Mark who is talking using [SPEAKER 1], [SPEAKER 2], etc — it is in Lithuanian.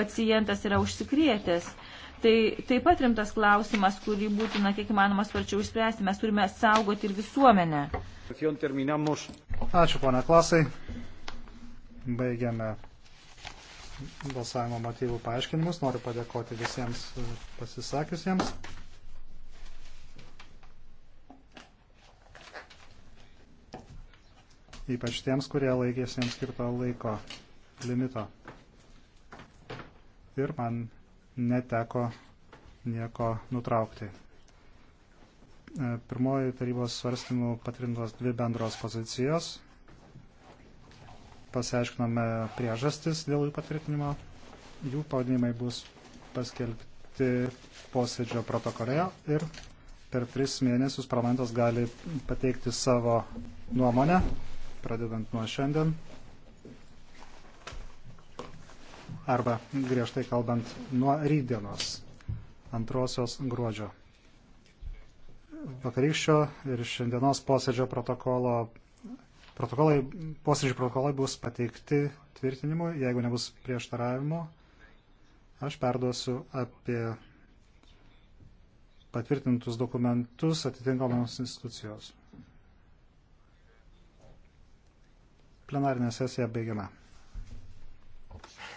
[SPEAKER 1] pacientas yra užsikrėtęs. Tai taip pat rimtas klausimas, kurį būtina kiek įmanoma sparčiau išspręsti. Mes turime saugoti ir visuomenę.
[SPEAKER 2] Ačiū,
[SPEAKER 3] ponia klasai. Baigiame balsavimo motyvų paaiškinimus. Noriu padėkoti visiems pasisakiusiems. Ypač tiems, kurie laikėsi jiems skirto laiko limito ir man neteko nieko nutraukti. E, pirmoji tarybos svarstymų patrintos dvi bendros pozicijos. Pasiaiškinome priežastis dėl jų patvirtinimo. Jų pavadinimai bus paskelbti posėdžio protokole ir per tris mėnesius parlamentas gali pateikti savo nuomonę, pradedant nuo šiandien arba griežtai kalbant nuo rydienos antrosios gruodžio. Vakarykščio ir šiandienos posėdžio protokolo, protokolai, posėdžio protokolai bus pateikti tvirtinimui, jeigu nebus prieštaravimo. Aš perduosiu apie patvirtintus dokumentus atitinkamoms institucijos. Plenarinė sesija baigiama.